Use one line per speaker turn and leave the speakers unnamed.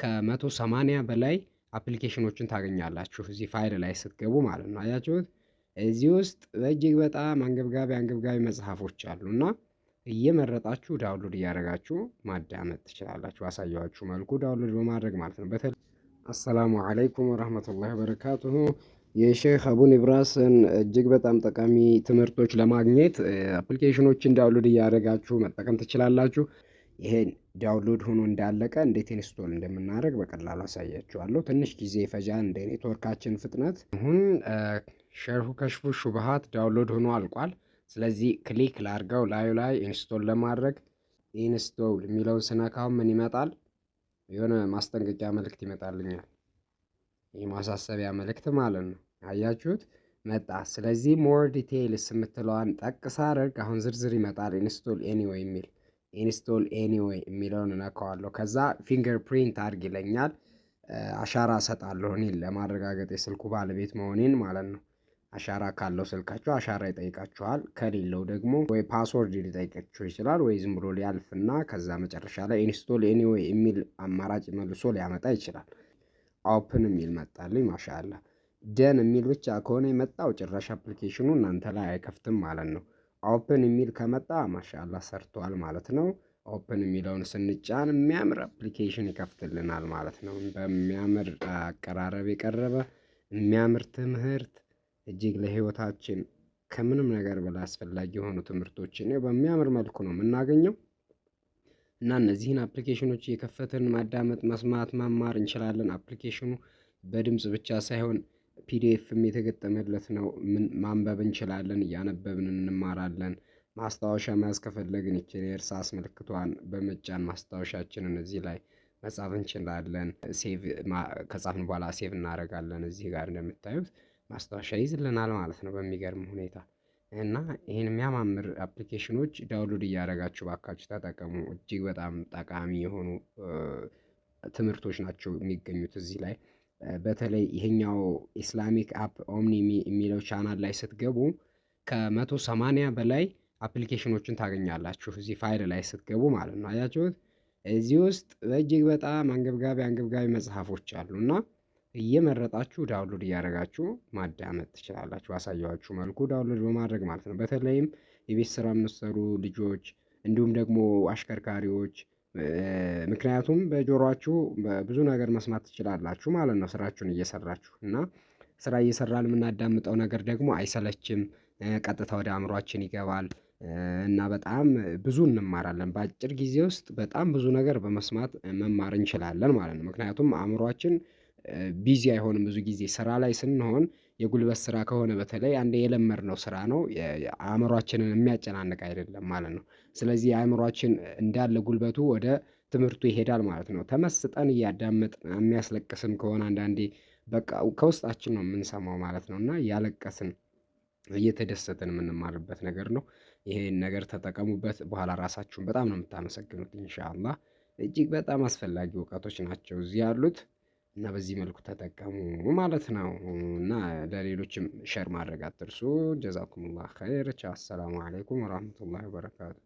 ከመቶ ሰማንያ በላይ አፕሊኬሽኖችን ታገኛላችሁ እዚህ ፋይል ላይ ስትገቡ ማለት ነው። አያችሁት? እዚህ ውስጥ በእጅግ በጣም አንገብጋቢ አንገብጋቢ መጽሐፎች አሉ እና እየመረጣችሁ ዳውንሎድ እያደረጋችሁ ማዳመጥ ትችላላችሁ። አሳያችሁ መልኩ ዳውንሎድ በማድረግ ማለት ነው። በተለይ አሰላሙ አለይኩም ወረህመቱላሂ ወበረካቱሁ። የሼህ አቡን ኢብራስን እጅግ በጣም ጠቃሚ ትምህርቶች ለማግኘት አፕሊኬሽኖችን ዳውንሎድ እያደረጋችሁ መጠቀም ትችላላችሁ። ይሄን ዳውንሎድ ሆኖ እንዳለቀ እንዴት ኢንስቶል እንደምናደርግ በቀላሉ አሳያችኋለሁ። ትንሽ ጊዜ ይፈጃል እንደ ኔትወርካችን ፍጥነት። አሁን ሸርሁ ከሽፉ ሹብሃት ዳውንሎድ ሆኖ አልቋል። ስለዚህ ክሊክ ላርገው ላዩ ላይ ኢንስቶል ለማድረግ ኢንስቶል የሚለውን ስነካው ምን ይመጣል? የሆነ ማስጠንቀቂያ መልእክት ይመጣልኛል። ይህ ማሳሰቢያ መልእክት ማለት ነው። አያችሁት መጣ። ስለዚህ ሞር ዲቴይልስ የምትለዋን ጠቅሳ አድርግ። አሁን ዝርዝር ይመጣል ኢንስቶል ኤኒዌይ የሚል ኢንስቶል ኤኒዌይ የሚለውን እነካዋለሁ። ከዛ ፊንገር ፕሪንት አድርግ ይለኛል። አሻራ እሰጣለሁ እኔን ለማረጋገጥ የስልኩ ባለቤት መሆኔን ማለት ነው። አሻራ ካለው ስልካችሁ አሻራ ይጠይቃችኋል። ከሌለው ደግሞ ወይ ፓስወርድ ሊጠይቃችሁ ይችላል፣ ወይ ዝም ብሎ ሊያልፍና ከዛ መጨረሻ ላይ ኢንስቶል ኤኒዌይ የሚል አማራጭ መልሶ ሊያመጣ ይችላል። ኦፕን የሚል መጣልኝ። ማሻላ ደን የሚል ብቻ ከሆነ የመጣው ጭራሽ አፕሊኬሽኑ እናንተ ላይ አይከፍትም ማለት ነው። ኦፕን የሚል ከመጣ ማሻላ ሰርቷል ማለት ነው። ኦፕን የሚለውን ስንጫን የሚያምር አፕሊኬሽን ይከፍትልናል ማለት ነው። በሚያምር አቀራረብ የቀረበ የሚያምር ትምህርት እጅግ ለህይወታችን ከምንም ነገር በላይ አስፈላጊ የሆኑ ትምህርቶችን በሚያምር መልኩ ነው የምናገኘው እና እነዚህን አፕሊኬሽኖች እየከፈትን ማዳመጥ፣ መስማት፣ መማር እንችላለን። አፕሊኬሽኑ በድምፅ ብቻ ሳይሆን ፒዲኤፍም የተገጠመለት ነው። ማንበብ እንችላለን፣ እያነበብን እንማራለን። ማስታወሻ መያዝ ከፈለግን ይችን የእርሳስ ምልክቷን በመጫን ማስታወሻችንን እዚህ ላይ መጻፍ እንችላለን። ሴቭ ከጻፍን በኋላ ሴቭ እናደርጋለን። እዚህ ጋር እንደምታዩት ማስታወሻ ይዝልናል ማለት ነው በሚገርም ሁኔታ እና ይህን የሚያማምር አፕሊኬሽኖች ዳውንሎድ እያደረጋችሁ ባካችሁ ተጠቀሙ። እጅግ በጣም ጠቃሚ የሆኑ ትምህርቶች ናቸው የሚገኙት እዚህ ላይ በተለይ ይሄኛው ኢስላሚክ አፕ ኦምኒ የሚለው ቻናል ላይ ስትገቡ ከመቶ ሰማንያ በላይ አፕሊኬሽኖችን ታገኛላችሁ። እዚህ ፋይል ላይ ስትገቡ ማለት ነው። አያችሁት? እዚህ ውስጥ በእጅግ በጣም አንገብጋቢ አንገብጋቢ መጽሐፎች እና እየመረጣችሁ ዳውንሎድ እያደረጋችሁ ማዳመጥ ትችላላችሁ። አሳያችሁ መልኩ ዳውንሎድ በማድረግ ማለት ነው። በተለይም የቤት ስራ የምትሰሩ ልጆች እንዲሁም ደግሞ አሽከርካሪዎች ምክንያቱም በጆሯችሁ ብዙ ነገር መስማት ትችላላችሁ ማለት ነው። ስራችሁን እየሰራችሁ እና ስራ እየሰራን የምናዳምጠው ነገር ደግሞ አይሰለችም፣ ቀጥታ ወደ አእምሯችን ይገባል እና በጣም ብዙ እንማራለን። በአጭር ጊዜ ውስጥ በጣም ብዙ ነገር በመስማት መማር እንችላለን ማለት ነው። ምክንያቱም አእምሯችን ቢዚ አይሆንም። ብዙ ጊዜ ስራ ላይ ስንሆን የጉልበት ስራ ከሆነ በተለይ አንዴ የለመድነው ስራ ነው አእምሯችንን የሚያጨናንቅ አይደለም ማለት ነው። ስለዚህ አእምሯችን እንዳለ ጉልበቱ ወደ ትምህርቱ ይሄዳል ማለት ነው። ተመስጠን እያዳመጥን የሚያስለቅስም ከሆነ አንዳንዴ በቃ ከውስጣችን ነው የምንሰማው ማለት ነው እና እያለቀስን እየተደሰትን የምንማርበት ነገር ነው። ይሄን ነገር ተጠቀሙበት በኋላ ራሳችሁን በጣም ነው የምታመሰግኑት ኢንሻአላህ እጅግ በጣም አስፈላጊ እውቀቶች ናቸው እዚህ ያሉት እና በዚህ መልኩ ተጠቀሙ ማለት ነው። እና ለሌሎችም ሸር ማድረግ አትርሱ። ጀዛኩሙላህ ኸይር። አሰላሙ አለይኩም ወራህመቱላሂ ወበረካቱ።